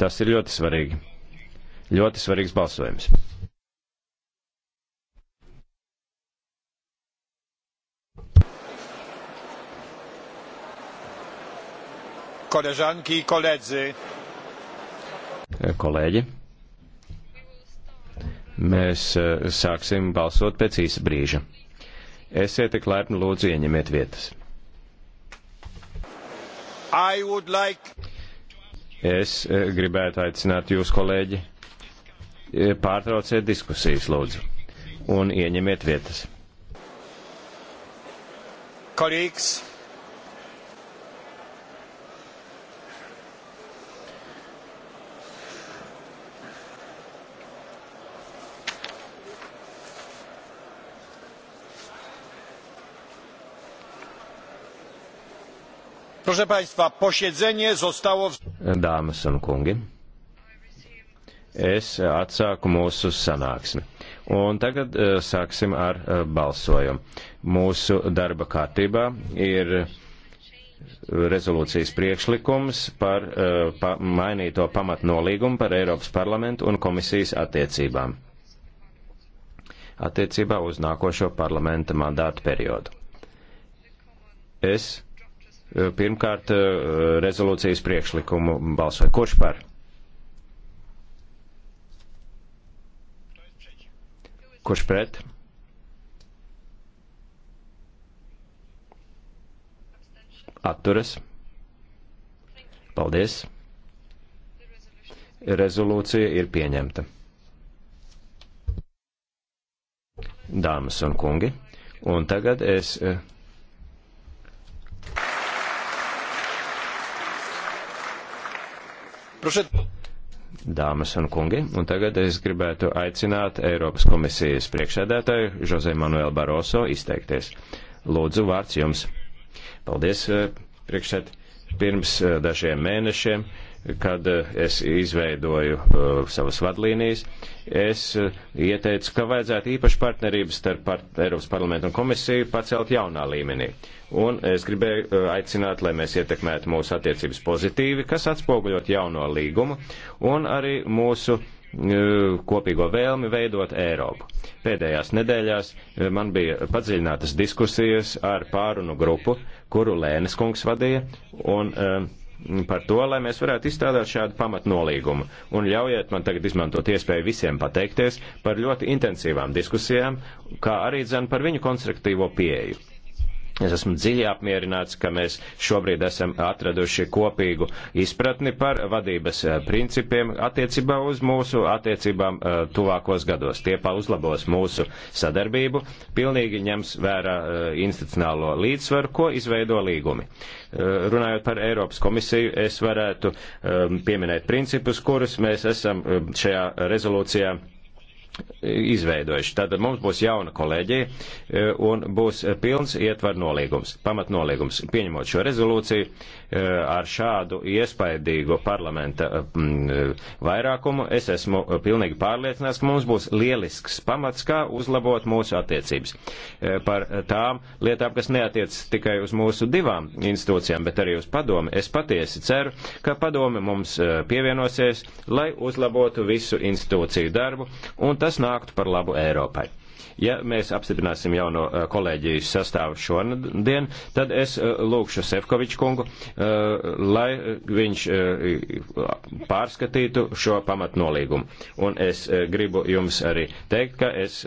Tas ir ļoti svarīgi. Ļoti svarīgs balsojums. Koleżanki i koledzy. E, kolēģi, mēs e, sāksim balsot pēc īsa brīža. Esiet tik laipni lūdzu ieņemiet vietas. I would like Es eh, gribētu aicināt jūs, kolēģi, eh, pārtrauciet diskusijas, lūdzu, un ieņemiet vietas. Kolīgs. Proszę Państwa, posiedzenie zostało. Dāmas un kungi, es atsāku mūsu sanāksmi. Un tagad eh, sāksim ar eh, balsojumu. Mūsu darba kārtībā ir rezolūcijas priekšlikums par eh, pa, mainīto pamatnolīgumu par Eiropas parlamentu un komisijas attiecībām attiecībā uz nākošo parlamenta mandātu periodu. Es Pirmkārt, eh, rezolūcijas priekšlikumu balsoja. Kurš par? Kurš pret? Atturas. Paldies. Rezolūcija ir pieņemta. Dāmas un kungi, un tagad es. Uh, Dāmas un kungi, un tagad es gribētu aicināt Eiropas komisijas priekšsēdētāju Jose Manuelu Baroso izteikties. Lūdzu, vārds jums. Paldies, eh, priekšsēd. Pirms eh, dažiem mēnešiem kad eh, es izveidoju uh, savas vadlīnijas, es uh, ieteicu, ka vajadzētu īpaši partnerības starp par Eiropas parlamentu un komisiju pacelt jaunā līmenī. Un es gribēju uh, aicināt, lai mēs ietekmētu mūsu attiecības pozitīvi, kas atspoguļot jauno līgumu un arī mūsu uh, kopīgo vēlmi veidot Eiropu. Pēdējās nedēļās uh, man bija padziļinātas diskusijas ar pārunu grupu, kuru Lēnes kungs vadīja, un uh, par to, lai mēs varētu izstrādāt šādu pamatnolīgumu. Un ļaujiet man tagad izmantot iespēju visiem pateikties par ļoti intensīvām diskusijām, kā arī dzen par viņu konstruktīvo pieeju. Es esmu dziļi apmierināts, ka mēs šobrīd esam atraduši kopīgu izpratni par vadības eh, principiem attiecībā uz mūsu attiecībām eh, tuvākos gados. Tie pa uzlabos mūsu sadarbību, pilnīgi ņems vērā eh, institucionālo līdzsvaru, ko izveido līgumi. Runājot par Eiropas komisiju, es varētu pieminēt principus, kurus mēs esam šajā rezolūcijā izveidojuši. Tad mums būs jauna kolēģija e, un būs pilns ietvar nolīgums, pamatnolīgums. Pieņemot šo rezolūciju e, ar šādu iespaidīgu parlamenta e, vairākumu, es esmu pilnīgi pārliecināts, ka mums būs lielisks pamats, kā uzlabot mūsu attiecības. Par tām lietām, kas neatiec tikai uz mūsu divām institūcijām, bet arī uz padomi, es patiesi ceru, ka padomi mums pievienosies, lai uzlabotu visu institūciju darbu un tas nāktu par labu Eiropai. Ja mēs apstiprināsim jauno eh, kolēģijas sastāvu šonadien, tad es eh, lūkšu Sefkoviču kungu, eh, lai viņš pārskatītu šo pamatnolīgumu. Un es gribu jums arī teikt, ka es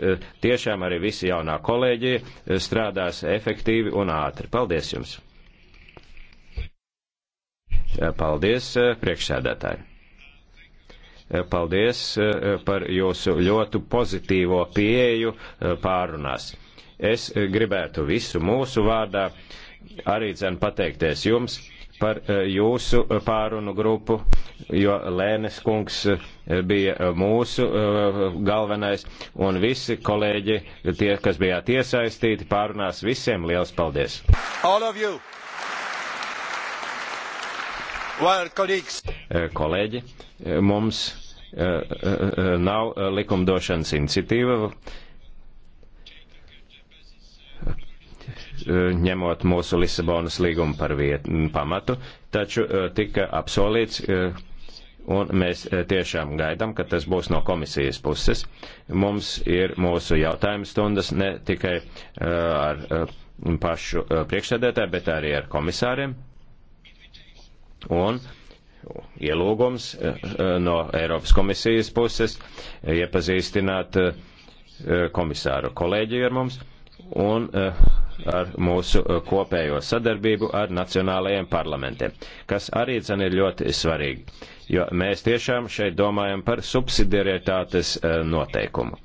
tiešām arī visi jaunā kolēģija strādās efektīvi un ātri. Paldies jums! Paldies, priekšsēdētāji! Eh, paldies eh, par jūsu ļoti pozitīvo pieeju eh, pārunās. Es gribētu visu mūsu vārdā arī dzen pateikties jums par jūsu pārunu grupu, jo Lēnes kungs bija mūsu galvenais un visi kolēģi, tie, kas bijāt iesaistīti, pārunās visiem liels paldies. Eh, kolēģi, eh, mums eh, nav likumdošanas iniciatīva, ņemot mūsu Lisabonas līgumu par viet, pamatu, taču tika apsolīts, un mēs tiešām gaidām, ka tas būs no komisijas puses. Mums ir mūsu jautājums stundas ne tikai ar pašu priekšsēdētāju, bet arī ar komisāriem. Un ielūgums eh, eh, no Eiropas komisijas puses eh, iepazīstināt komisāru kolēģiju ar mums un ar mūsu kopējo sadarbību ar nacionālajiem parlamentiem, kas arī dzen ir ļoti svarīgi, jo mēs tiešām šeit domājam par subsidiarietātes noteikumu.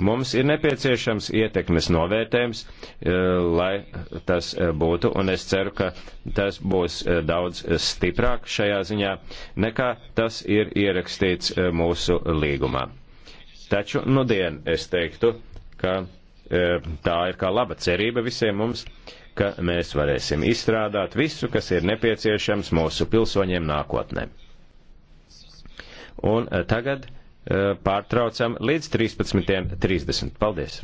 Mums ir nepieciešams ietekmes novērtējums, eh, lai tas eh, būtu, un es ceru, ka tas būs eh, daudz stiprāk šajā ziņā, nekā tas ir ierakstīts mūsu līgumā. Taču, nu dien, es teiktu, ka tā ir kā laba cerība visiem mums, ka mēs varēsim izstrādāt visu, kas ir nepieciešams mūsu pilsoņiem nākotnē. Un tagad Eh, pārtraucam līdz 13.30. Paldies!